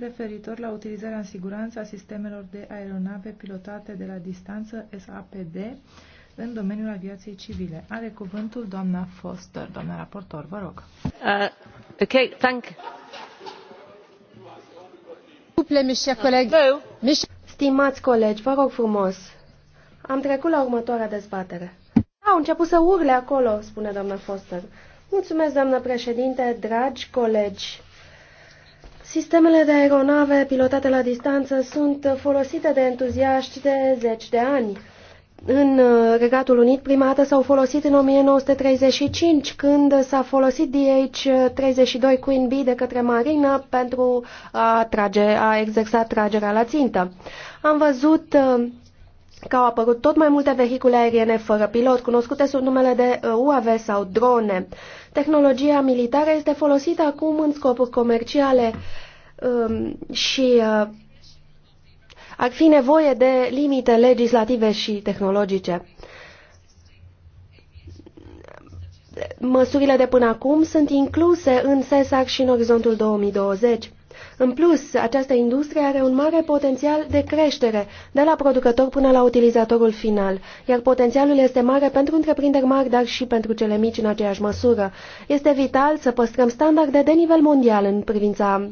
referitor la utilizarea în siguranță a sistemelor de aeronave pilotate de la distanță SAPD în domeniul aviației civile. Are cuvântul doamna Foster, doamna raportor, vă rog. Uh, ok, thank you. Stimați colegi, vă rog frumos, am trecut la următoarea dezbatere. Au început să urle acolo, spune doamna Foster. Mulțumesc, doamnă președinte, dragi colegi. Sistemele de aeronave pilotate la distanță sunt folosite de entuziaști de zeci de ani. În uh, Regatul Unit, prima dată s-au folosit în 1935, când s-a folosit DH-32 Queen Bee de către marină pentru a, trage, a exersa tragerea la țintă. Am văzut uh, că au apărut tot mai multe vehicule aeriene fără pilot, cunoscute sub numele de UAV uh, sau drone. Tehnologia militară este folosită acum în scopuri comerciale um, și uh, ar fi nevoie de limite legislative și tehnologice. Măsurile de până acum sunt incluse în SESAC și în orizontul 2020. În plus, această industrie are un mare potențial de creștere, de la producător până la utilizatorul final, iar potențialul este mare pentru întreprinderi mari, dar și pentru cele mici în aceeași măsură. Este vital să păstrăm standarde de nivel mondial în privința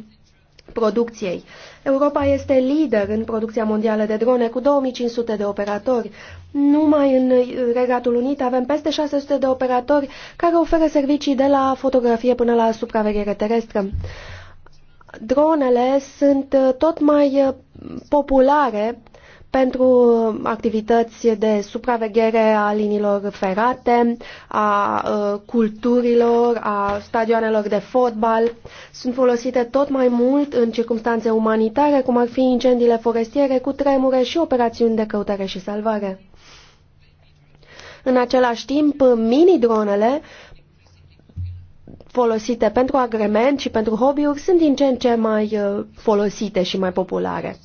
producției. Europa este lider în producția mondială de drone cu 2500 de operatori. Numai în Regatul Unit avem peste 600 de operatori care oferă servicii de la fotografie până la supraveghere terestră dronele sunt uh, tot mai uh, populare pentru uh, activități de supraveghere a liniilor ferate, a culturilor, a stadioanelor de fotbal. Sunt folosite tot mai mult în circunstanțe umanitare, cum ar fi incendiile forestiere, cu tremure și operațiuni de căutare și salvare. În același timp, mini-dronele folosite pentru agrement și pentru hobby-uri sunt din ce în ce mai uh, folosite și mai populare.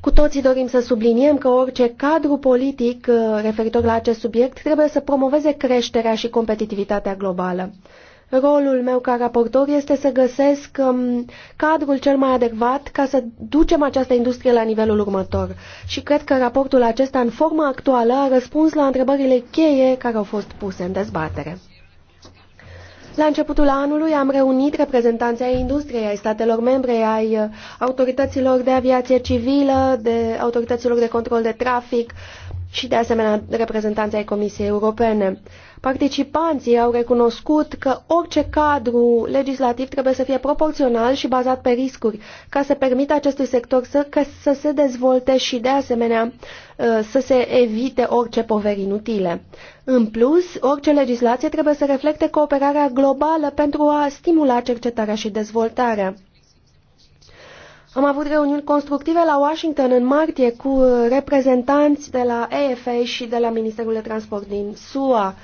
Cu toții dorim să subliniem că orice cadru politic uh, referitor la acest subiect trebuie să promoveze creșterea și competitivitatea globală. Rolul meu ca raportor este să găsesc um, cadrul cel mai adecvat ca să ducem această industrie la nivelul următor. Și cred că raportul acesta, în forma actuală, a răspuns la întrebările cheie care au fost puse în dezbatere. La începutul anului am reunit reprezentanții ai industriei, ai statelor membre, ai uh, autorităților de aviație civilă, de autorităților de control de trafic, și de asemenea reprezentanții ai Comisiei Europene. Participanții au recunoscut că orice cadru legislativ trebuie să fie proporțional și bazat pe riscuri, ca să permită acestui sector să, că, să se dezvolte și de asemenea ă, să se evite orice poveri inutile. În plus, orice legislație trebuie să reflecte cooperarea globală pentru a stimula cercetarea și dezvoltarea. Am avut reuniuni constructive la Washington în martie cu reprezentanți de la AFA și de la Ministerul de Transport din SUA.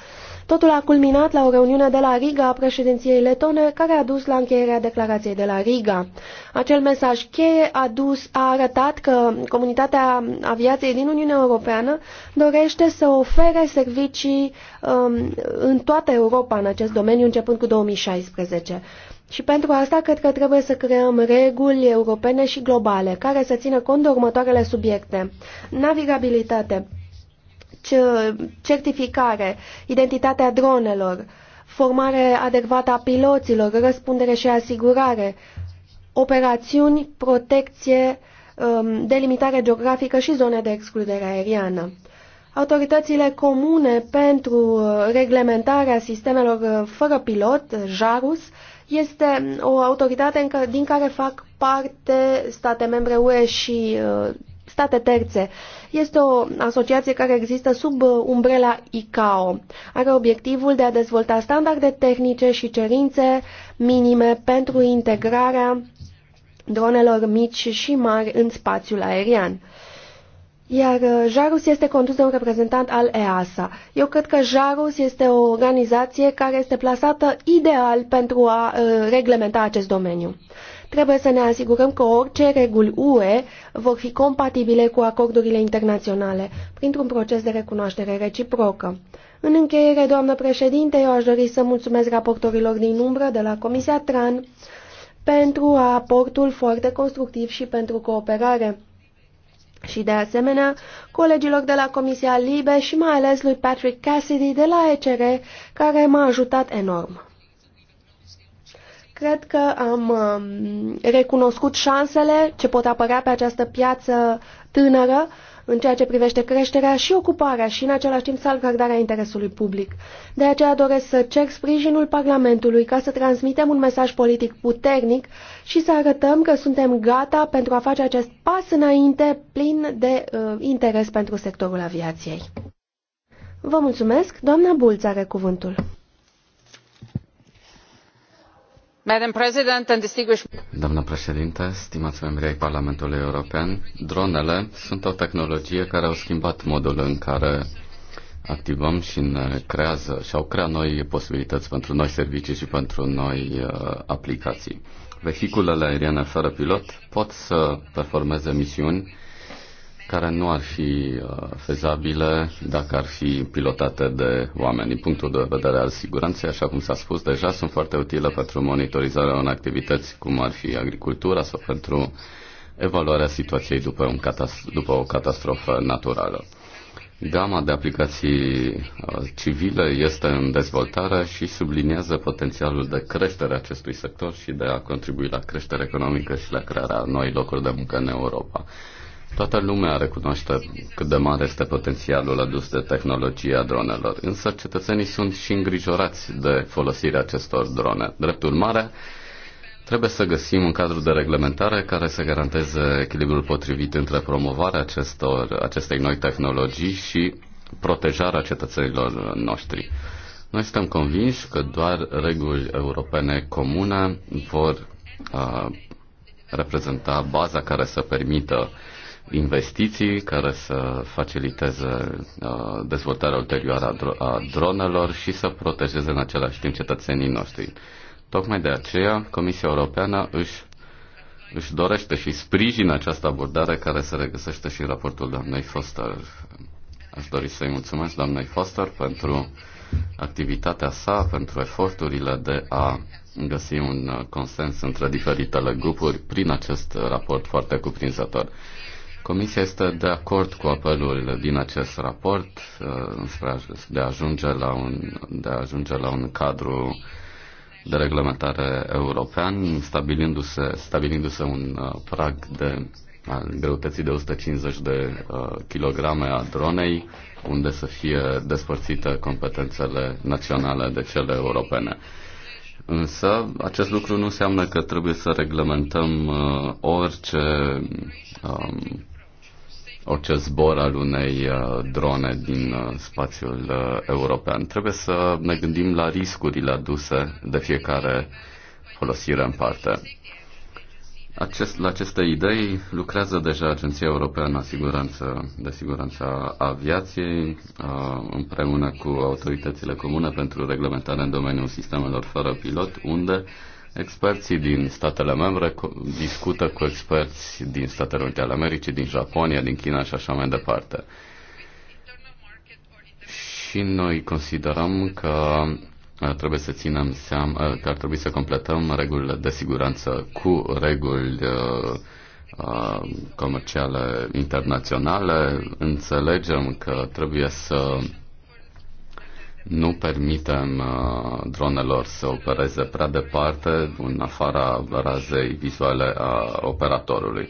Totul a culminat la o reuniune de la Riga a președinției letone, care a dus la încheierea declarației de la Riga. Acel mesaj cheie a, dus, a arătat că comunitatea aviației din Uniunea Europeană dorește să ofere servicii um, în toată Europa în acest domeniu, începând cu 2016. Și pentru asta cred că trebuie să creăm reguli europene și globale care să țină cont de următoarele subiecte. Navigabilitate, certificare, identitatea dronelor, formare adecvată a piloților, răspundere și asigurare, operațiuni, protecție, um, delimitare geografică și zone de excludere aeriană. Autoritățile comune pentru uh, reglementarea sistemelor uh, fără pilot, JARUS, este mm, o autoritate din care fac parte state membre UE și uh, state terțe. Este o asociație care există sub umbrela ICAO. Are obiectivul de a dezvolta standarde tehnice și cerințe minime pentru integrarea dronelor mici și mari în spațiul aerian. Iar uh, Jarus este condus de un reprezentant al EASA. Eu cred că Jarus este o organizație care este plasată ideal pentru a uh, reglementa acest domeniu. Trebuie să ne asigurăm că orice reguli UE vor fi compatibile cu acordurile internaționale, printr-un proces de recunoaștere reciprocă. În încheiere, doamnă președinte, eu aș dori să mulțumesc raportorilor din umbră de la Comisia TRAN pentru aportul foarte constructiv și pentru cooperare și de asemenea colegilor de la Comisia Libe și mai ales lui Patrick Cassidy de la ECR, care m-a ajutat enorm. Cred că am um, recunoscut șansele ce pot apărea pe această piață tânără în ceea ce privește creșterea și ocuparea și în același timp salvgardarea interesului public. De aceea doresc să cer sprijinul Parlamentului ca să transmitem un mesaj politic puternic și să arătăm că suntem gata pentru a face acest pas înainte plin de uh, interes pentru sectorul aviației. Vă mulțumesc, doamna Bulț are cuvântul. Doamnă Președintă, stimați membri ai Parlamentului European, dronele sunt o tehnologie care au schimbat modul în care activăm și ne creează și au creat noi posibilități pentru noi servicii și pentru noi uh, aplicații. Vehiculele aeriene fără pilot pot să performeze misiuni care nu ar fi uh, fezabile dacă ar fi pilotate de oameni. Din punctul de vedere al siguranței, așa cum s-a spus deja, sunt foarte utile pentru monitorizarea unor activități cum ar fi agricultura sau pentru evaluarea situației după, un catast- după o catastrofă naturală. Gama de aplicații uh, civile este în dezvoltare și subliniază potențialul de creștere a acestui sector și de a contribui la creșterea economică și la crearea noi locuri de muncă în Europa. Toată lumea recunoaște cât de mare este potențialul adus de tehnologia dronelor, însă cetățenii sunt și îngrijorați de folosirea acestor drone. Drept urmare, trebuie să găsim un cadru de reglementare care să garanteze echilibrul potrivit între promovarea acestor, acestei noi tehnologii și protejarea cetățenilor noștri. Noi suntem convinși că doar reguli europene comune vor uh, reprezenta baza care să permită uh, investiții care să faciliteze uh, dezvoltarea ulterioară a dronelor și să protejeze în același timp cetățenii noștri. Tocmai de aceea, Comisia Europeană își, își dorește și sprijină această abordare care se regăsește și în raportul doamnei Foster. Aș dori să-i mulțumesc doamnei Foster pentru activitatea sa, pentru eforturile de a găsi un consens între diferitele grupuri prin acest raport foarte cuprinzător. Comisia este de acord cu apelul din acest raport uh, de a ajunge la un, de a ajunge la un cadru de reglementare european, stabilindu-se, stabilindu-se un uh, prag de al greutății de 150 de uh, kilograme a dronei, unde să fie despărțite competențele naționale de cele europene. Însă, acest lucru nu înseamnă că trebuie să reglementăm uh, orice um, orice zbor al unei uh, drone din uh, spațiul uh, european. Trebuie să ne gândim la riscurile aduse de fiecare folosire în parte. Acest, la aceste idei lucrează deja Agenția Europeană a Siguranță, de Siguranță a Aviației împreună cu autoritățile comune pentru reglementarea în domeniul sistemelor fără pilot, unde Experții din statele membre discută cu experți din Statele Unite ale Americii, din Japonia, din China și așa mai departe. Și noi considerăm că uh, trebuie să ținem seama, uh, că ar trebui să completăm regulile de siguranță cu reguli uh, uh comerciale internaționale. Înțelegem că trebuie să nu permitem uh, dronelor să opereze prea departe în afara razei vizuale a operatorului.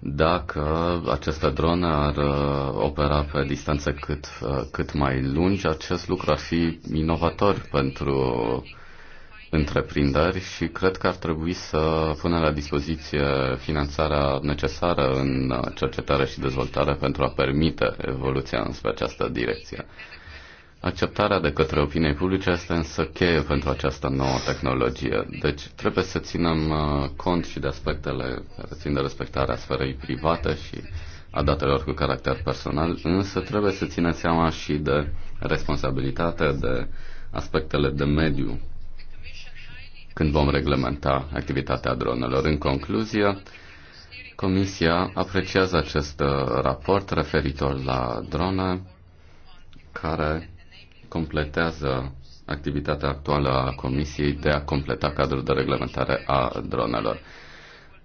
Dacă aceste drone ar uh, opera pe distanțe cât, uh, cât mai lungi, acest lucru ar fi inovator pentru întreprinderi și cred că ar trebui să punem la dispoziție finanțarea necesară în cercetare și dezvoltare pentru a permite evoluția înspre această direcție. Acceptarea de către opinie publice este însă cheie pentru această nouă tehnologie. Deci trebuie să ținem uh, cont și de aspectele care țin de respectarea sferei private și a datelor cu caracter personal, însă trebuie să ținem seama și de responsabilitate, de aspectele de mediu când vom reglementa activitatea dronelor. În concluzie, Comisia apreciază acest uh, raport referitor la drone care completează activitatea actuală a Comisiei de a completa cadrul de reglementare a dronelor.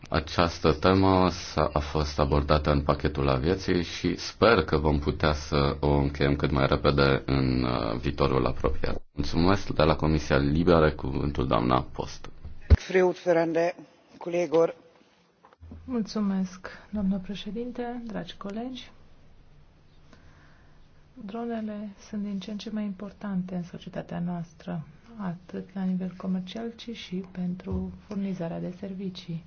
Această temă a fost abordată în pachetul aviației și sper că vom putea să o încheiem cât mai repede în uh, viitorul apropiat. Mulțumesc de la Comisia Liberă, cuvântul doamna Post. Mulțumesc, doamnă președinte, dragi colegi. Dronele sunt din ce în ce mai importante în societatea noastră, atât la nivel comercial, ci și pentru furnizarea de servicii.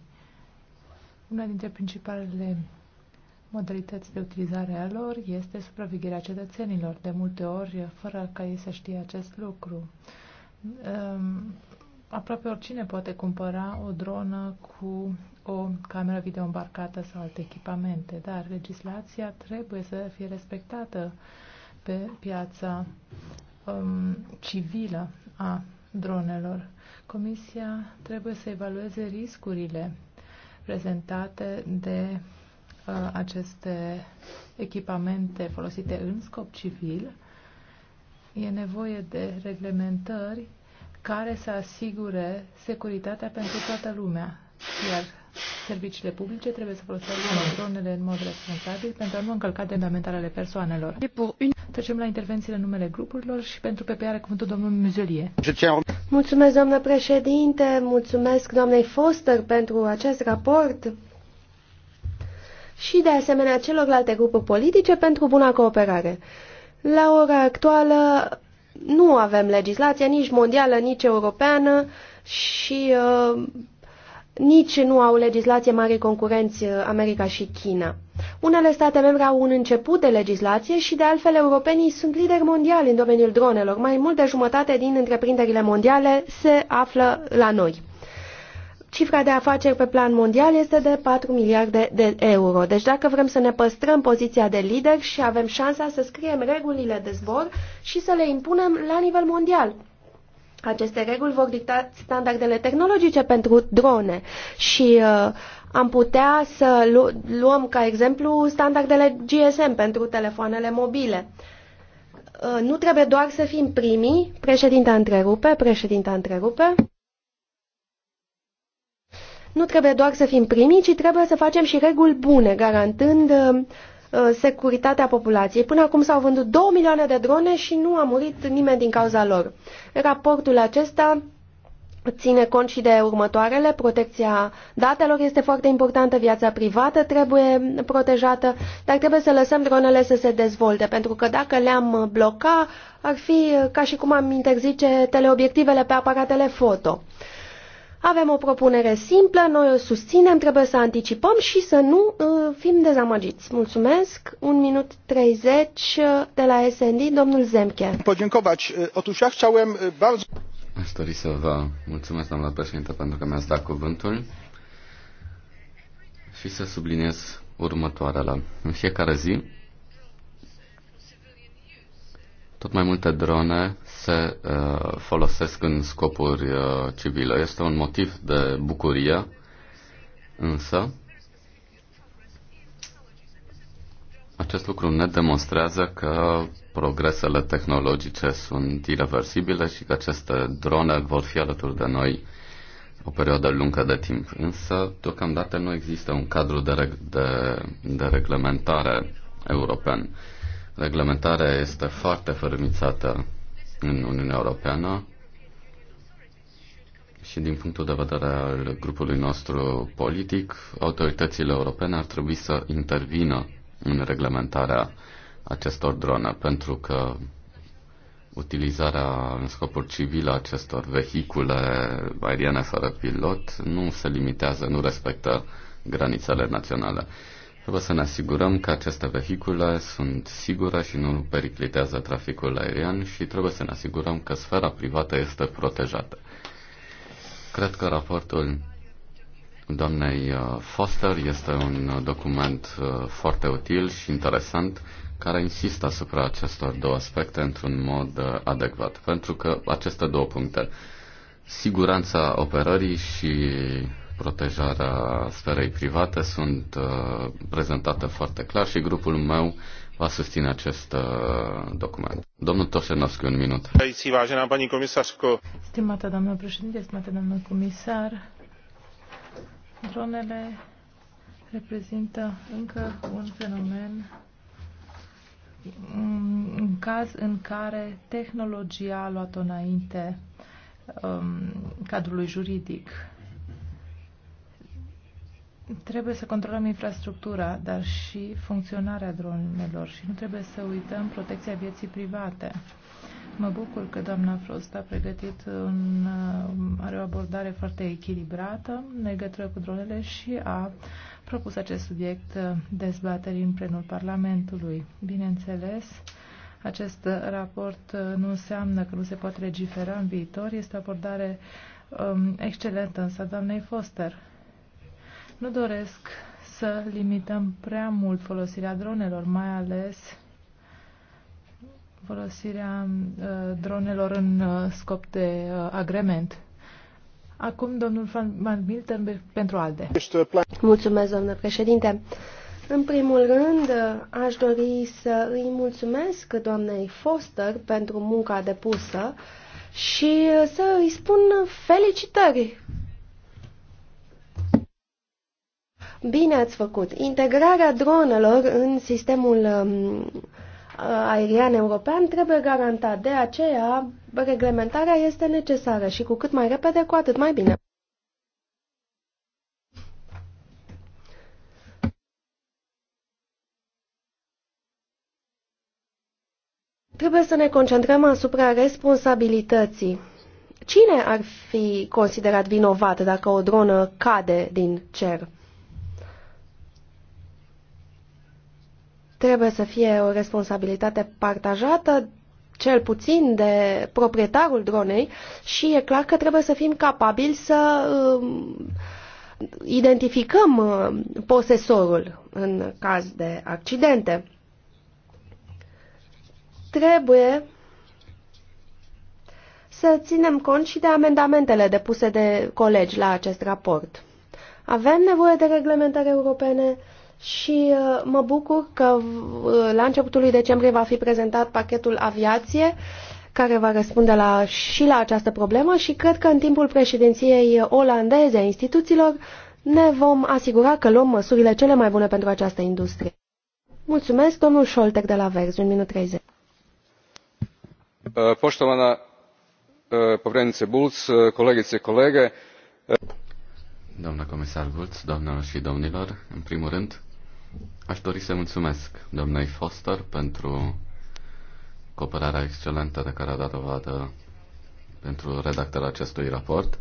Una dintre principalele modalități de utilizare a lor este supravegherea cetățenilor, de multe ori fără ca ei să știe acest lucru. Ehm, aproape oricine poate cumpăra o dronă cu o cameră video îmbarcată sau alte echipamente, dar legislația trebuie să fie respectată pe piața um, civilă a dronelor. Comisia trebuie să evalueze riscurile prezentate de uh, aceste echipamente folosite în scop civil. E nevoie de reglementări care să asigure securitatea pentru toată lumea, iar serviciile publice trebuie să folosească dronele în mod responsabil pentru a nu încălca fundamentale ale persoanelor. Trecem la intervențiile în numele grupurilor și pentru PP are cuvântul domnul Muzelie. Mulțumesc, doamnă președinte, mulțumesc doamnei Foster pentru acest raport și de asemenea celorlalte grupuri politice pentru buna cooperare. La ora actuală nu avem legislație nici mondială, nici europeană și uh, nici nu au legislație mari concurenți uh, America și China. Unele state membre au un început de legislație și, de altfel, europenii sunt lideri mondiali în domeniul dronelor. Mai mult de jumătate din întreprinderile mondiale se află la noi. Cifra de afaceri pe plan mondial este de 4 miliarde de euro. Deci dacă vrem să ne păstrăm poziția de lider și avem șansa să scriem regulile de zbor și să le impunem la nivel mondial. Aceste reguli vor dicta standardele tehnologice pentru drone și uh, am putea să lu luăm ca exemplu standardele GSM pentru telefoanele mobile. Uh, nu trebuie doar să fim primii, președinta întrerupe, președinta întrerupe. Nu trebuie doar să fim primii, ci trebuie să facem și reguli bune, garantând uh, Uh, securitatea populației. Până acum s-au vândut 2 milioane de drone și nu a murit nimeni din cauza lor. Raportul acesta ține cont și de următoarele. Protecția datelor este foarte importantă, viața privată trebuie protejată, dar trebuie să lăsăm dronele să se dezvolte, pentru că dacă le-am bloca, ar fi ca și cum am interzice teleobiectivele pe aparatele foto. Avem o propunere simplă, noi o susținem, trebuie să anticipăm și să nu uh, fim dezamăgiți. Mulțumesc. Un minut 30 uh, de la SND, domnul Zemke. Podziękować. Otóż ja chciałem bardzo... Aș dori să vă mulțumesc, doamna președinte, pentru că mi-ați dat cuvântul și să subliniez următoarele. În fiecare zi, tot mai multe drone se uh, folosesc în scopuri uh, civile. Este un motiv de bucurie, însă acest lucru ne demonstrează că progresele tehnologice sunt irreversibile și că aceste drone vor fi alături de noi o perioadă lungă de timp. Însă, deocamdată nu există un cadru de, reg- de, de reglementare european. Reglementarea este foarte fermițată în Uniunea Europeană și din punctul de vedere al grupului nostru politic, autoritățile europene ar trebui să intervină în reglementarea acestor drone, pentru că utilizarea în scopuri civile a acestor vehicule aeriene fără pilot nu se limitează, nu respectă granițele naționale. Trebuie să ne asigurăm că aceste vehicule sunt sigure și nu periclitează traficul aerian și trebuie să ne asigurăm că sfera privată este protejată. Cred că raportul doamnei uh, Foster este un uh, document uh, foarte util și interesant care insistă asupra acestor două aspecte într-un mod adecvat, pentru că aceste două puncte, siguranța operării și protejarea sferei private sunt uh, prezentate foarte clar și grupul meu va susține acest uh, document. Domnul Toșenovski, un minut. Stimată doamnă președinte, stimată doamnă comisar, dronele reprezintă încă un fenomen în caz în care tehnologia a luat-o înainte um, cadrului juridic. Trebuie să controlăm infrastructura, dar și funcționarea dronelor și nu trebuie să uităm protecția vieții private. Mă bucur că doamna Frost a pregătit un, uh, are o abordare foarte echilibrată în legătură cu dronele și a propus acest subiect uh, dezbaterii în plenul Parlamentului. Bineînțeles, acest raport uh, nu înseamnă că nu se poate legifera în viitor, este o abordare um, excelentă, însă doamnei Foster nu doresc să limităm prea mult folosirea dronelor, mai ales folosirea uh, dronelor în uh, scop de uh, agrement. Acum, domnul Van Milten, pentru ALDE. Mulțumesc, domnule președinte. În primul rând, aș dori să îi mulțumesc doamnei Foster pentru munca depusă și să îi spun felicitări Bine ați făcut. Integrarea dronelor în sistemul um, aerian european trebuie garantat. De aceea, reglementarea este necesară și cu cât mai repede, cu atât mai bine. Trebuie să ne concentrăm asupra responsabilității. Cine ar fi considerat vinovat dacă o dronă cade din cer? Trebuie să fie o responsabilitate partajată, cel puțin de proprietarul dronei și e clar că trebuie să fim capabili să um, identificăm uh, posesorul în caz de accidente. Trebuie să ținem cont și de amendamentele depuse de colegi la acest raport. Avem nevoie de reglementări europene și uh, mă bucur că uh, la începutul lui decembrie va fi prezentat pachetul aviație care va răspunde la, și la această problemă și cred că în timpul președinției olandeze a instituțiilor ne vom asigura că luăm măsurile cele mai bune pentru această industrie. Mulțumesc, domnul Șoltec de la Verzi, 1 minut 30. Uh, poștovana povrednice Bulc, kolegice i Doamna comisar Bulc, doamnelor și domnilor, în primul rând, Aș dori să mulțumesc domnului Foster pentru cooperarea excelentă de care a dat dovadă pentru redactarea acestui raport.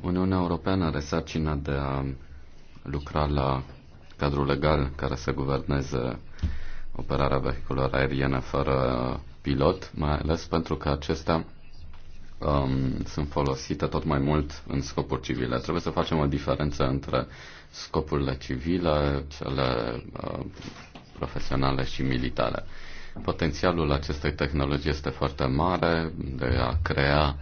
Uniunea Europeană are sarcina de a lucra la cadrul legal care să guverneze operarea vehiculelor aeriene fără pilot, mai ales pentru că acestea um, sunt folosite tot mai mult în scopuri civile. Trebuie să facem o diferență între scopurile civile, cele uh, profesionale și militare. Potențialul acestei tehnologii este foarte mare de a crea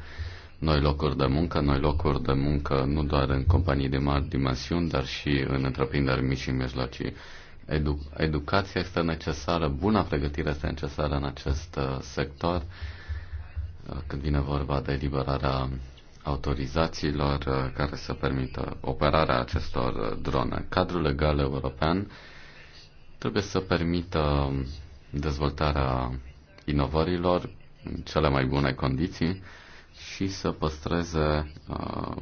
noi locuri de muncă, noi locuri de muncă nu doar în companii de mari dimensiuni, dar și în întreprinderi mici și mijlocii. Edu- educația este necesară, buna pregătire este necesară în acest uh, sector când vine vorba de eliberarea autorizațiilor uh, care să permită operarea acestor uh, drone. Cadrul legal european trebuie să permită dezvoltarea inovărilor în cele mai bune condiții și să păstreze, uh,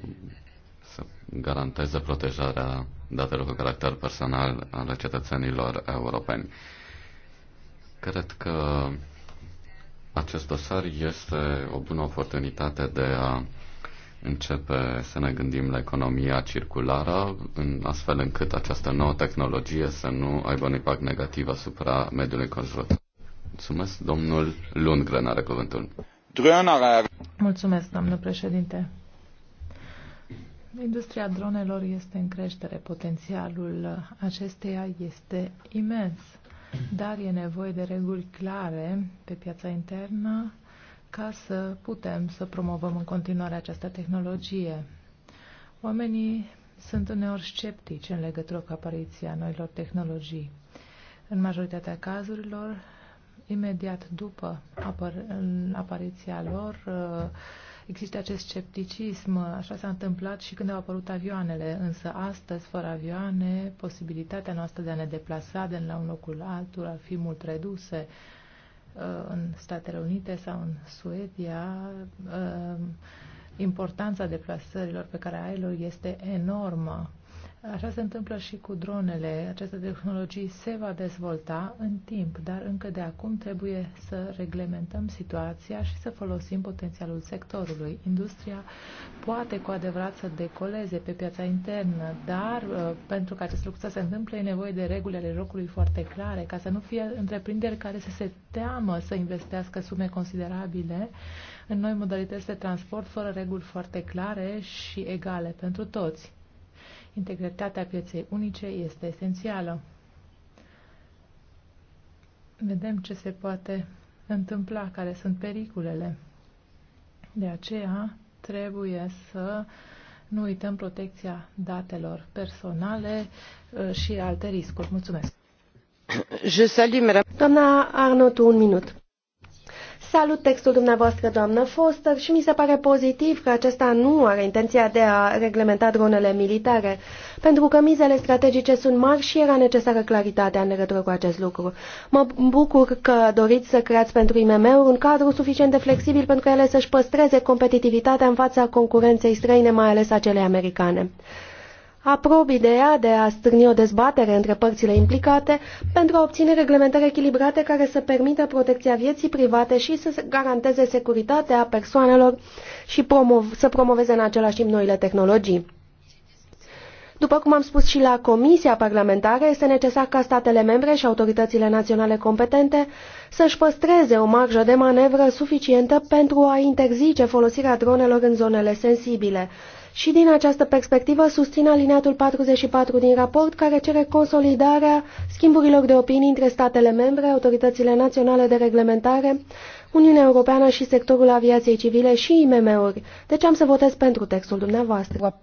să garanteze protejarea datelor cu caracter personal ale cetățenilor europeni. Cred că acest dosar este o bună oportunitate de a începe să ne gândim la economia circulară, în astfel încât această nouă tehnologie să nu aibă un impact negativ asupra mediului înconjurător. Mulțumesc, domnul Lundgren are cuvântul. Mulțumesc, domnul președinte. Industria dronelor este în creștere. Potențialul acesteia este imens dar e nevoie de reguli clare pe piața internă ca să putem să promovăm în continuare această tehnologie. Oamenii sunt uneori sceptici în legătură cu apariția noilor tehnologii. În majoritatea cazurilor, imediat după apar- apariția lor, uh, Există acest scepticism, așa s-a întâmplat și când au apărut avioanele, însă astăzi, fără avioane, posibilitatea noastră de a ne deplasa de la un locul altul ar fi mult reduse uh, în Statele Unite sau în Suedia, uh, importanța deplasărilor pe care ai lor este enormă. Așa se întâmplă și cu dronele. Această tehnologie se va dezvolta în timp, dar încă de acum trebuie să reglementăm situația și să folosim potențialul sectorului. Industria poate cu adevărat să decoleze pe piața internă, dar uh, pentru că acest lucru să se întâmple e nevoie de reguli ale jocului foarte clare, ca să nu fie întreprinderi care să se teamă să investească sume considerabile în noi modalități de transport fără reguli foarte clare și egale pentru toți integritatea pieței unice este esențială. Vedem ce se poate întâmpla, care sunt pericolele. De aceea trebuie să nu uităm protecția datelor personale uh, și alte riscuri. Mulțumesc! Je salue, Doamna Arnot, un minut. Salut textul dumneavoastră, doamnă Foster, și mi se pare pozitiv că acesta nu are intenția de a reglementa dronele militare, pentru că mizele strategice sunt mari și era necesară claritatea în legătură cu acest lucru. Mă bucur că doriți să creați pentru IMM-uri un cadru suficient de flexibil pentru că ele să-și păstreze competitivitatea în fața concurenței străine, mai ales a celei americane aprob ideea de a stârni o dezbatere între părțile implicate pentru a obține reglementări echilibrate care să permită protecția vieții private și să garanteze securitatea persoanelor și promov să promoveze în același timp noile tehnologii. După cum am spus și la Comisia Parlamentară, este necesar ca statele membre și autoritățile naționale competente să-și păstreze o marjă de manevră suficientă pentru a interzice folosirea dronelor în zonele sensibile, și din această perspectivă susțin alineatul 44 din raport, care cere consolidarea schimburilor de opinii între statele membre, autoritățile naționale de reglementare, Uniunea Europeană și sectorul aviației civile și IMM-uri. Deci am să votez pentru textul dumneavoastră.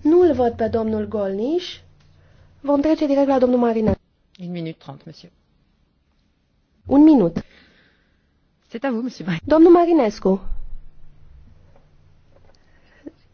Nu îl văd pe domnul Golniș. Vom trece direct la domnul Marine. Un minut 30, monsieur. Un minut. vous, Domnul Marinescu.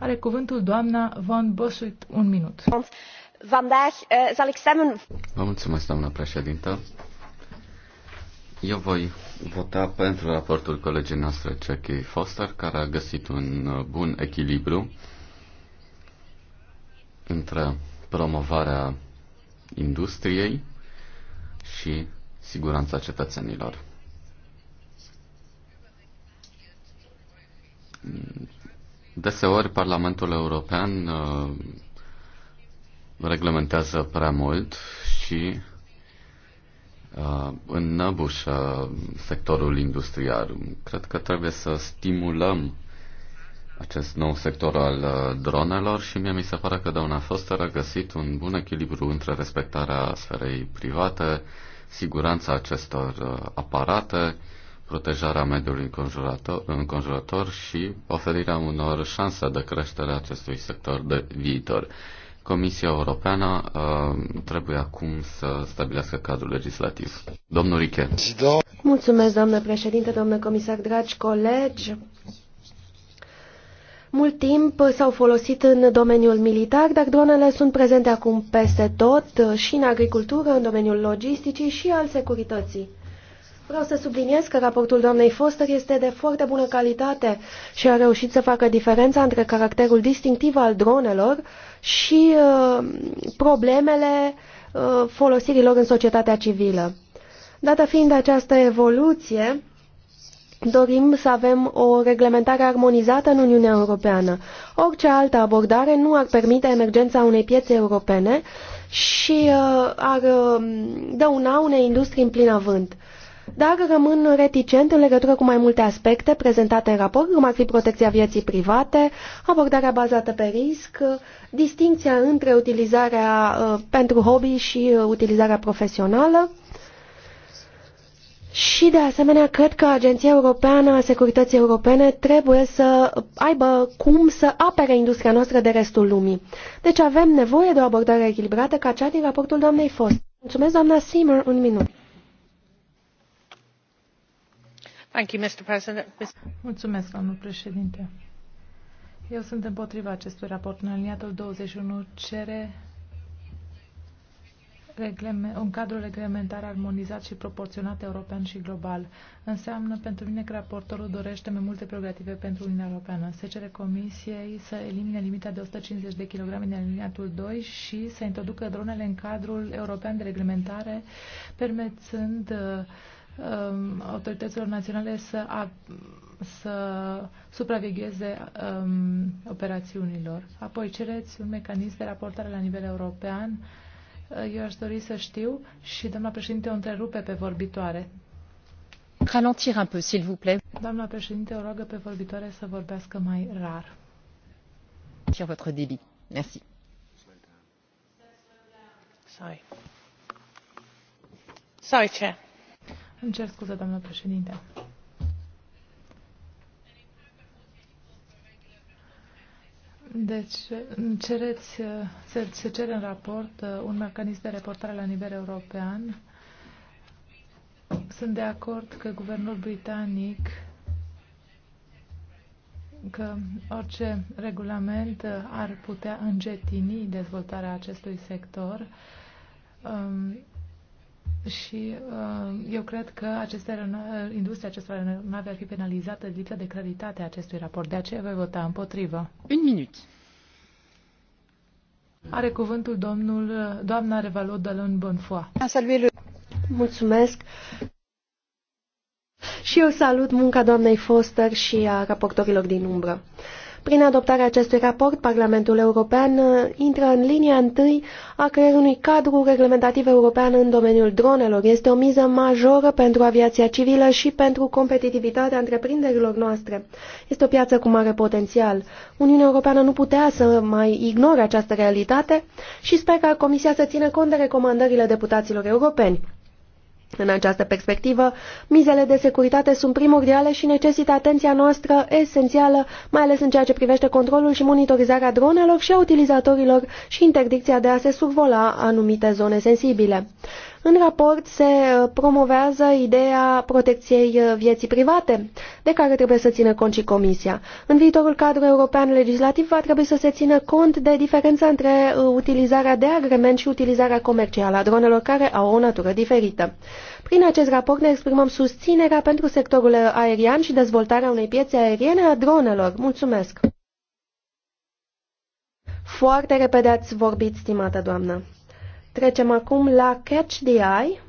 Are cuvântul doamna Van Bossoit, un minut. Eh, Vă mulțumesc, doamna președintă. Eu voi vota pentru raportul colegii noastre, Jackie Foster, care a găsit un eh, bun echilibru între promovarea industriei și siguranța cetățenilor. Deseori Parlamentul European uh, reglementează prea mult și uh, înăbușă sectorul industrial. Cred că trebuie să stimulăm acest nou sector al uh, dronelor și mie mi se pare că doamna una a găsit un bun echilibru între respectarea sferei private, siguranța acestor aparate, protejarea mediului înconjurător și oferirea unor șanse de creștere a acestui sector de viitor. Comisia Europeană uh, trebuie acum să stabilească cadrul legislativ. Domnul Riche. Mulțumesc, domnule președinte, domnule comisar, dragi colegi. Mult timp s-au folosit în domeniul militar, dar dronele sunt prezente acum peste tot și în agricultură, în domeniul logisticii și al securității. Vreau să subliniez că raportul doamnei Foster este de foarte bună calitate și a reușit să facă diferența între caracterul distinctiv al dronelor și uh, problemele uh, folosirii lor în societatea civilă. Dată fiind această evoluție, dorim să avem o reglementare armonizată în Uniunea Europeană. Orice altă abordare nu ar permite emergența unei piețe europene și uh, ar uh, dăuna unei industrii în plin avânt dar rămân reticent în legătură cu mai multe aspecte prezentate în raport, cum ar fi protecția vieții private, abordarea bazată pe risc, distinția între utilizarea uh, pentru hobby și uh, utilizarea profesională. Și, de asemenea, cred că Agenția Europeană a Securității Europene trebuie să aibă cum să apere industria noastră de restul lumii. Deci avem nevoie de o abordare echilibrată ca cea din raportul doamnei Fost. Mulțumesc, doamna Simmer, un minut. Mulțumesc, președinte. Eu sunt împotriva acestui raport. În aliniatul 21 cere un cadru reglementar armonizat și proporționat european și global. Înseamnă pentru mine că raportorul dorește mai multe prerogative pentru Uniunea Europeană. Se cere Comisiei să elimine limita de 150 de kg în aliniatul 2 și să introducă dronele în cadrul european de reglementare, permețând uh, um, autorităților naționale să, a, să supravegheze um, operațiunilor. Apoi cereți un mecanism de raportare la nivel european. Uh, eu aș dori să știu și doamna președinte o întrerupe pe vorbitoare. Ralentir un peu, s'il vous plaît. Doamna președinte o roagă pe vorbitoare să vorbească mai rar. Tire votre débit. Merci. Sorry. Sorry, Chair îmi cer scuze, doamnă președinte. Deci, cereți, uh, se, se cere în raport uh, un mecanism de reportare la nivel european. Sunt de acord că guvernul britanic că orice regulament uh, ar putea îngetini dezvoltarea acestui sector. Um, și uh, eu cred că aceste aeronave, industria acestor aeronave ar fi penalizată de lipsa de claritate a acestui raport. De aceea voi vota împotrivă. Un minut. Are cuvântul domnul, uh, doamna Revalo Dalon Bonfoa. Mulțumesc. Și eu salut munca doamnei Foster și a raportorilor din umbră. Uh, prin adoptarea acestui raport, Parlamentul European uh, intră în linia întâi a creierului cadru reglementativ european în domeniul dronelor. Este o miză majoră pentru aviația civilă și pentru competitivitatea întreprinderilor noastre. Este o piață cu mare potențial. Uniunea Europeană nu putea să mai ignore această realitate și sper ca Comisia să țină cont de recomandările deputaților europeni. În această perspectivă, mizele de securitate sunt primordiale și necesită atenția noastră esențială, mai ales în ceea ce privește controlul și monitorizarea dronelor și a utilizatorilor și interdicția de a se survola anumite zone sensibile. În raport se uh, promovează ideea protecției uh, vieții private, de care trebuie să țină cont și Comisia. În viitorul cadru european legislativ va trebui să se țină cont de diferența între uh, utilizarea de agrement și utilizarea comercială a dronelor care au o natură diferită. Prin acest raport ne exprimăm susținerea pentru sectorul aerian și dezvoltarea unei piețe aeriene a dronelor. Mulțumesc! Foarte repede ați vorbit, stimată doamnă. Trecem acum la Catch the Eye.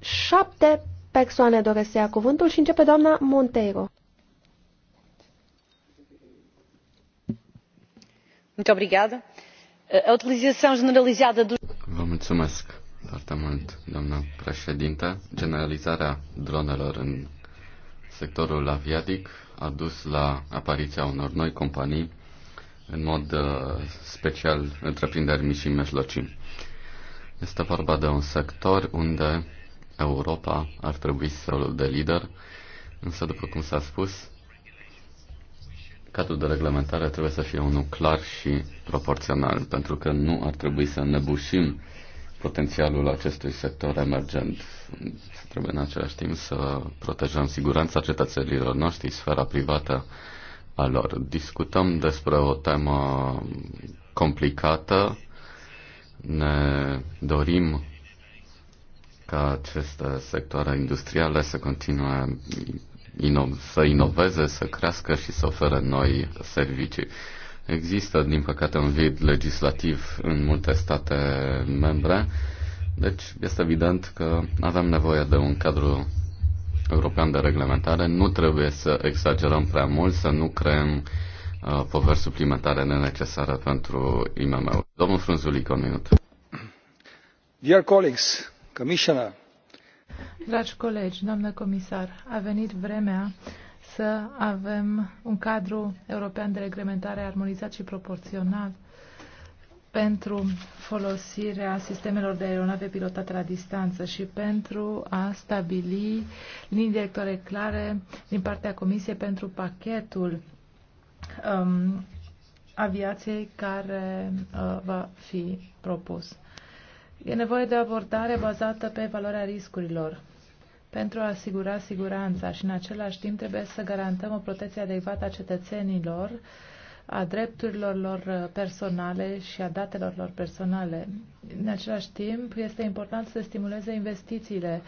Șapte persoane doresc să ia cuvântul și începe doamna Monteiro. Vă mulțumesc foarte mult, doamna președintă. Generalizarea dronelor în sectorul aviatic a dus la apariția unor noi companii în mod uh, special întreprinderi mici și mijlocii. Este vorba de un sector unde Europa ar trebui să rolul de lider, însă, după cum s-a spus, cadrul de reglementare trebuie să fie unul clar și proporțional, pentru că nu ar trebui să nebușim potențialul acestui sector emergent. Trebuie în același timp să protejăm siguranța cetățenilor noștri, sfera privată Alor, Discutăm despre o temă complicată. Ne dorim ca aceste sectoare industriale să continue ino- să inoveze, să crească și să ofere noi servicii. Există, din păcate, un vid legislativ în multe state membre, deci este evident că avem nevoie de un cadru European de Reglementare, nu trebuie să exagerăm prea mult, să nu creăm uh, poveri suplimentare nenecesare pentru IMM-uri. Domnul Frunzulic, un minut. Dear colleagues, Commissioner. Dragi colegi, doamnă comisar, a venit vremea să avem un cadru european de reglementare armonizat și proporționat pentru folosirea sistemelor de aeronave pilotate la distanță și pentru a stabili linii directoare clare din partea Comisiei pentru pachetul um, aviației care uh, va fi propus. E nevoie de abordare bazată pe valoarea riscurilor pentru a asigura siguranța și în același timp trebuie să garantăm o protecție adecvată a cetățenilor uh, a drepturilor lor personale și a datelor lor personale. În același timp, este important să stimuleze investițiile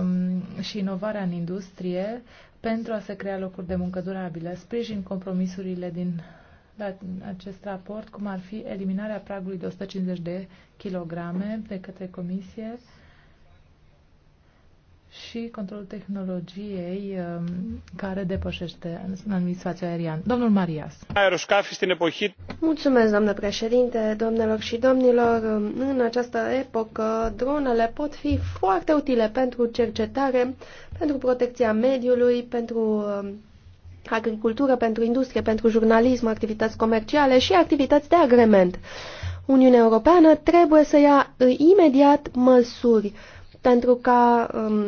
um, și inovarea în industrie pentru a se crea locuri de muncă durabile. Sprijin compromisurile din la acest raport, cum ar fi eliminarea pragului de 150 de kilograme de către Comisie, și controlul tehnologiei um, care depășește în spațiu aerian. Domnul Marias. Mulțumesc, doamnă președinte, domnilor și domnilor. În această epocă, dronele pot fi foarte utile pentru cercetare, pentru protecția mediului, pentru um, agricultură, pentru industrie, pentru jurnalism, activități comerciale și activități de agrement. Uniunea Europeană trebuie să ia uh, imediat măsuri pentru ca um,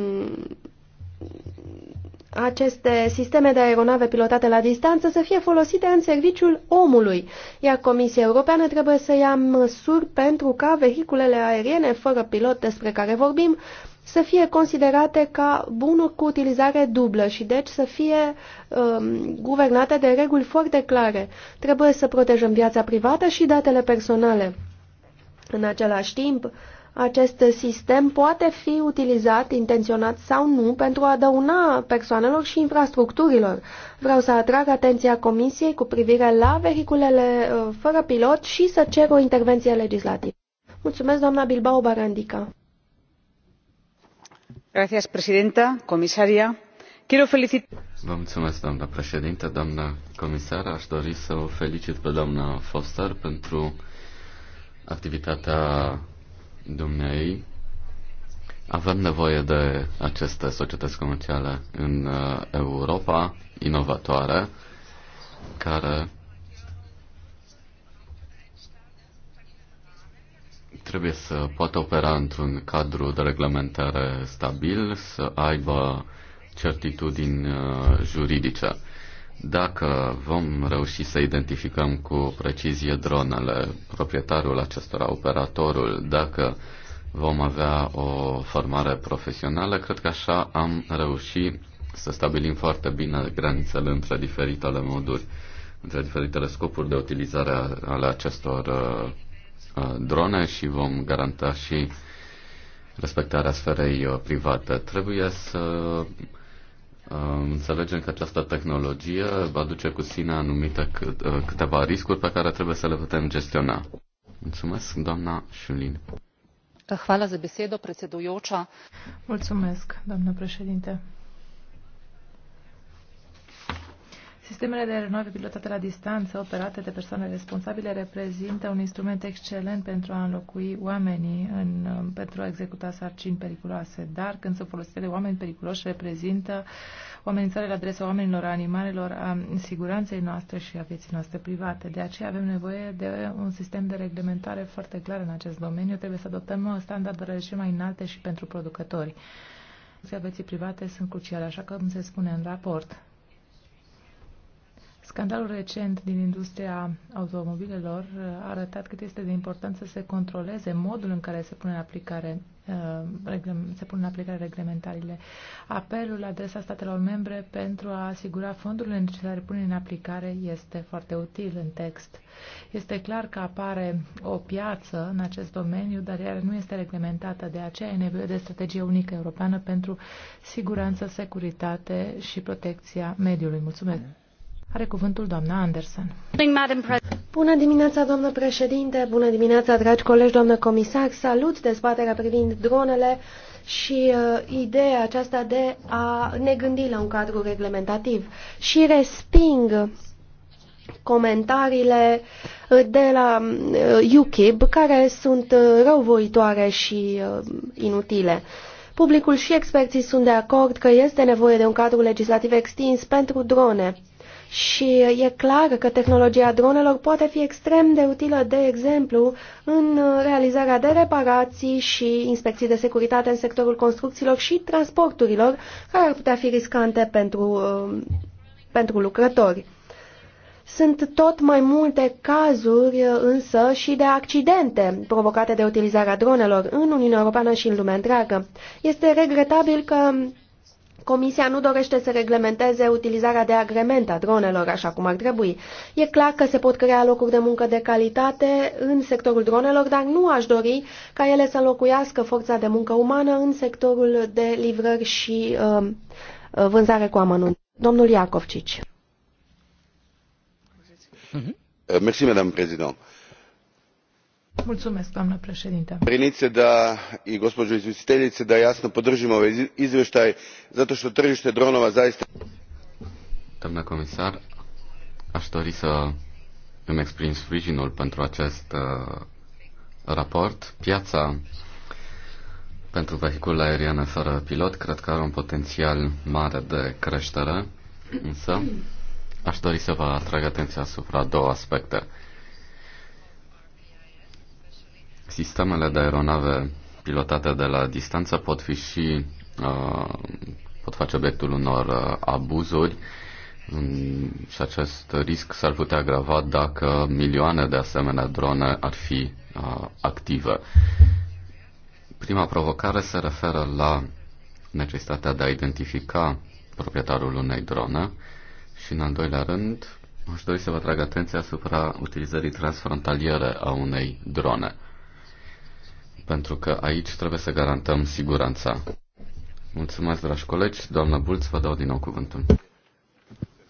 aceste sisteme de aeronave pilotate la distanță să fie folosite în serviciul omului, iar Comisia Europeană trebuie să ia măsuri pentru ca vehiculele aeriene fără pilot despre care vorbim să fie considerate ca bunuri cu utilizare dublă și deci să fie um, guvernate de reguli foarte clare. Trebuie să protejăm viața privată și datele personale. În același timp, uh, acest sistem poate fi utilizat intenționat sau nu pentru a dăuna persoanelor și infrastructurilor. Vreau să atrag atenția Comisiei cu privire la vehiculele uh, fără pilot și să cer o intervenție legislativă. Mulțumesc, doamna Bilbao Barandica. Gracias, presidenta, comisaria. Quiero felicit... Vă mulțumesc, doamna președinte, doamna comisar. Aș dori să o felicit pe doamna Foster pentru activitatea dumneei. Avem nevoie de aceste societăți comerciale în uh, Europa, inovatoare, care trebuie să poată opera într-un cadru de reglementare stabil, să aibă certitudini uh, juridice. Dacă vom reuși să identificăm cu precizie dronele, proprietarul acestora, operatorul, dacă vom avea o formare profesională, cred că așa am reușit să stabilim foarte bine granițele între diferitele moduri, între diferitele scopuri de utilizare ale acestor uh, uh, drone și vom garanta și respectarea sferei uh, private. Trebuie să Înțelegem că această tehnologie va duce cu sine anumite uh, câteva riscuri pe care trebuie să le putem gestiona. Mulțumesc, doamna Șulin. Hvala za besedo, predsedujoča. Mulțumesc, doamnă președinte. Sistemele de aeronave pilotate la distanță, operate de persoane responsabile, reprezintă un instrument excelent pentru a înlocui oamenii în, pentru a executa sarcini periculoase, dar când sunt folosite de oameni periculoși, reprezintă o amenințare la adresa oamenilor, a animalelor, a siguranței noastre și a vieții noastre private. De aceea avem nevoie de un sistem de reglementare foarte clar în acest domeniu. Trebuie să adoptăm standardele și mai înalte și pentru producători. Vieții private sunt cruciale, așa cum se spune în raport. Scandalul recent din industria automobilelor a arătat cât este de important să se controleze modul în care se pune în aplicare uh, se pun în aplicare reglementarile. Apelul adresat adresa statelor membre pentru a asigura fondurile necesare pune în aplicare este foarte util în text. Este clar că apare o piață în acest domeniu, dar ea nu este reglementată. De aceea e nevoie de strategie unică europeană pentru siguranță, securitate și protecția mediului. Mulțumesc! Are cuvântul doamna Anderson. Bună dimineața, doamnă președinte, bună dimineața, dragi colegi, doamnă comisar. Salut dezbaterea privind dronele și uh, ideea aceasta de a ne gândi la un cadru reglementativ. Și resping comentariile uh, de la uh, UKIP, care sunt uh, răuvoitoare și inutile. Publicul și experții sunt de acord că este nevoie de un cadru legislativ extins pentru drone și e clar că tehnologia dronelor poate fi extrem de utilă, de exemplu, în realizarea de reparații și inspecții de securitate în sectorul construcțiilor și transporturilor, care ar putea fi riscante pentru, uh, pentru lucrători. Sunt tot mai multe cazuri uh, însă și de accidente provocate de utilizarea dronelor în Uniunea Europeană și în lumea întreagă. Este regretabil că Comisia nu dorește să reglementeze utilizarea de agrement a dronelor așa cum ar trebui. E clar că se pot crea locuri de muncă de calitate în sectorul dronelor, dar nu aș dori ca ele să înlocuiască forța de muncă umană în sectorul de livrări și uh, vânzare cu amănunt. Domnul Iacovcici. Uh-huh. Uh -huh. Mersi, președinte Mulțumesc, doamnă președintă. Prenice da i gospođo izvjestiteljice da jasno podržim ovaj izvještaj zato što tržište dronova zaista... Doamna comisar, aș dori să îmi exprim sprijinul pentru acest uh, raport. Piața pentru vehiculele aeriene fără pilot cred că are un potențial mare de creștere, însă aș dori să vă atrag atenția asupra două aspecte. Sistemele de aeronave pilotate de la distanță pot fi și uh, pot face obiectul unor uh, abuzuri și acest risc s-ar putea agrava dacă milioane de asemenea drone ar fi uh, active. Prima provocare se referă la necesitatea de a identifica proprietarul unei drone și, în al doilea rând, aș dori să vă atrag atenția asupra utilizării transfrontaliere a unei drone pentru că aici trebuie să garantăm siguranța. Mulțumesc, dragi colegi. Doamna Bulț, vă dau din nou cuvântul.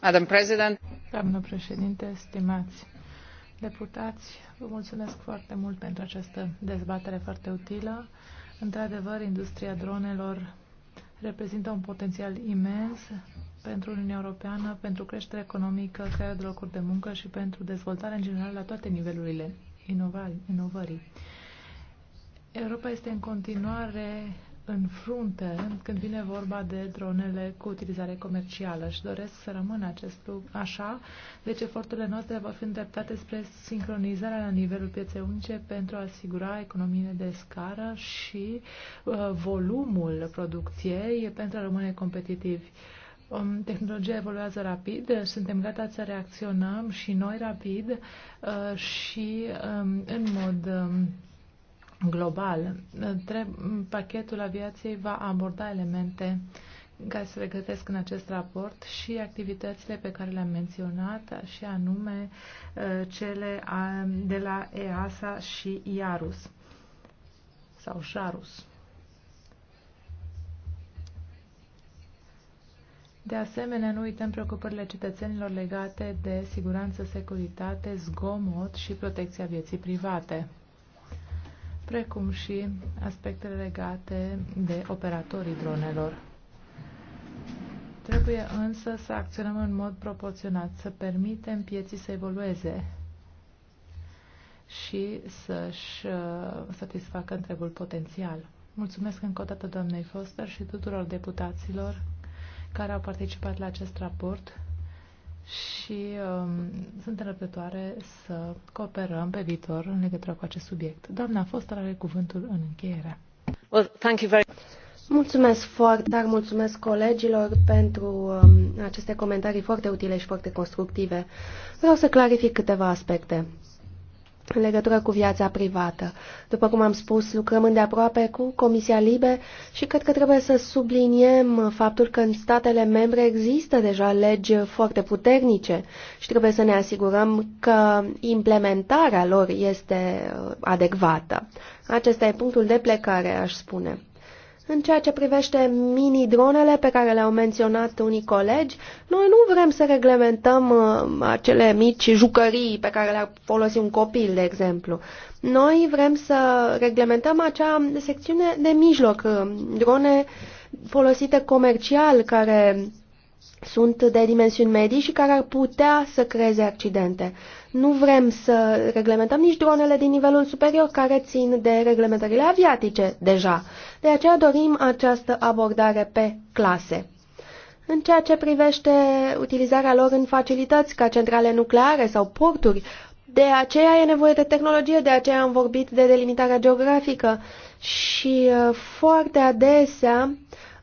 Madam President. Doamnă președinte, stimați deputați, vă mulțumesc foarte mult pentru această dezbatere foarte utilă. Într-adevăr, industria dronelor reprezintă un potențial imens pentru Uniunea Europeană, pentru creștere economică, crearea de locuri de muncă și pentru dezvoltare în general la toate nivelurile inovării. Europa este în continuare în frunte când vine vorba de dronele cu utilizare comercială și doresc să rămână acest lucru așa, deci eforturile noastre vor fi îndreptate spre sincronizarea la nivelul pieței unice pentru a asigura economiile de scară și uh, volumul producției pentru a rămâne competitivi. Um, tehnologia evoluează rapid, suntem gata să reacționăm și noi rapid uh, și um, în mod um, global. Pachetul aviației va aborda elemente care se regătesc în acest raport și activitățile pe care le-am menționat, și anume eh, cele de la EASA și IARUS sau JARUS. De asemenea, nu uităm preocupările cetățenilor legate de siguranță, securitate, zgomot și protecția vieții private precum și aspectele legate de operatorii dronelor. Trebuie însă să acționăm în mod proporționat, să permitem pieții să evolueze și să-și uh, satisfacă întregul potențial. Mulțumesc încă o dată doamnei Foster și tuturor deputaților care au participat la acest raport și um, sunt răbdătoare să cooperăm pe viitor în legătură cu acest subiect. Doamna Foster are cuvântul în încheiere. Well, thank you very Mulțumesc foarte, dar mulțumesc colegilor pentru um, aceste comentarii foarte utile și foarte constructive. Vreau să clarific câteva aspecte în legătură cu viața privată. După cum am spus, lucrăm îndeaproape cu Comisia Libe și cred că trebuie să subliniem faptul că în statele membre există deja legi foarte puternice și trebuie să ne asigurăm că implementarea lor este uh, adecvată. Acesta e punctul de plecare, aș spune. În ceea ce privește mini-dronele pe care le-au menționat unii colegi, noi nu vrem să reglementăm uh, acele mici jucării pe care le-ar folosi un copil, de exemplu. Noi vrem să reglementăm acea secțiune de mijloc, uh, drone folosite comercial, care sunt de dimensiuni medii și care ar putea să creeze accidente. Nu vrem să reglementăm nici dronele din nivelul superior care țin de reglementările aviatice deja. De aceea dorim această abordare pe clase. În ceea ce privește utilizarea lor în facilități ca centrale nucleare sau porturi, de aceea e nevoie de tehnologie, de aceea am vorbit de delimitarea geografică și uh, foarte adesea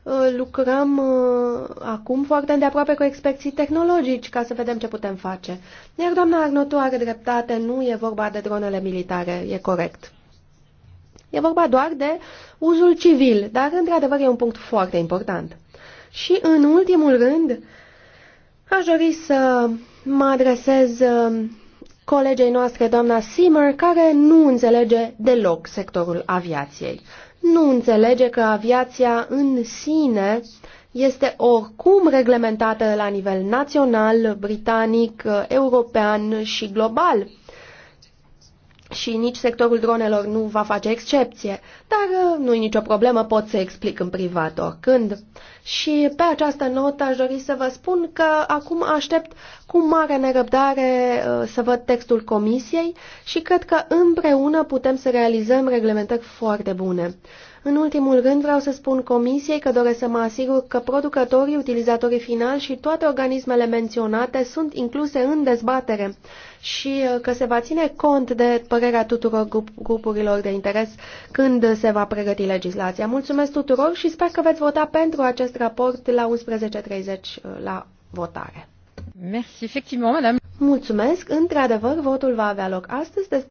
Uh, lucrăm uh, acum foarte îndeaproape cu experții tehnologici ca să vedem ce putem face. Iar doamna Arnotu are dreptate, nu e vorba de dronele militare, e corect. E vorba doar de uzul civil, dar într-adevăr e un punct foarte important. Și în ultimul rând, aș dori să mă adresez uh, colegei noastre, doamna Simmer, care nu înțelege deloc sectorul aviației nu înțelege că aviația în sine este oricum reglementată la nivel național, britanic, european și global și nici sectorul dronelor nu va face excepție, dar uh, nu e nicio problemă, pot să explic în privat oricând. Și pe această notă aș dori să vă spun că acum aștept cu mare nerăbdare uh, să văd textul comisiei și cred că împreună putem să realizăm reglementări foarte bune. În ultimul rând vreau să spun Comisiei că doresc să mă asigur că producătorii, utilizatorii finali și toate organismele menționate sunt incluse în dezbatere și uh, că se va ține cont de părerea tuturor grup grupurilor de interes când se va pregăti legislația. Mulțumesc tuturor și sper că veți vota pentru acest raport la 11.30 uh, la votare. Mulțumesc. Într-adevăr, votul va avea loc astăzi. Deci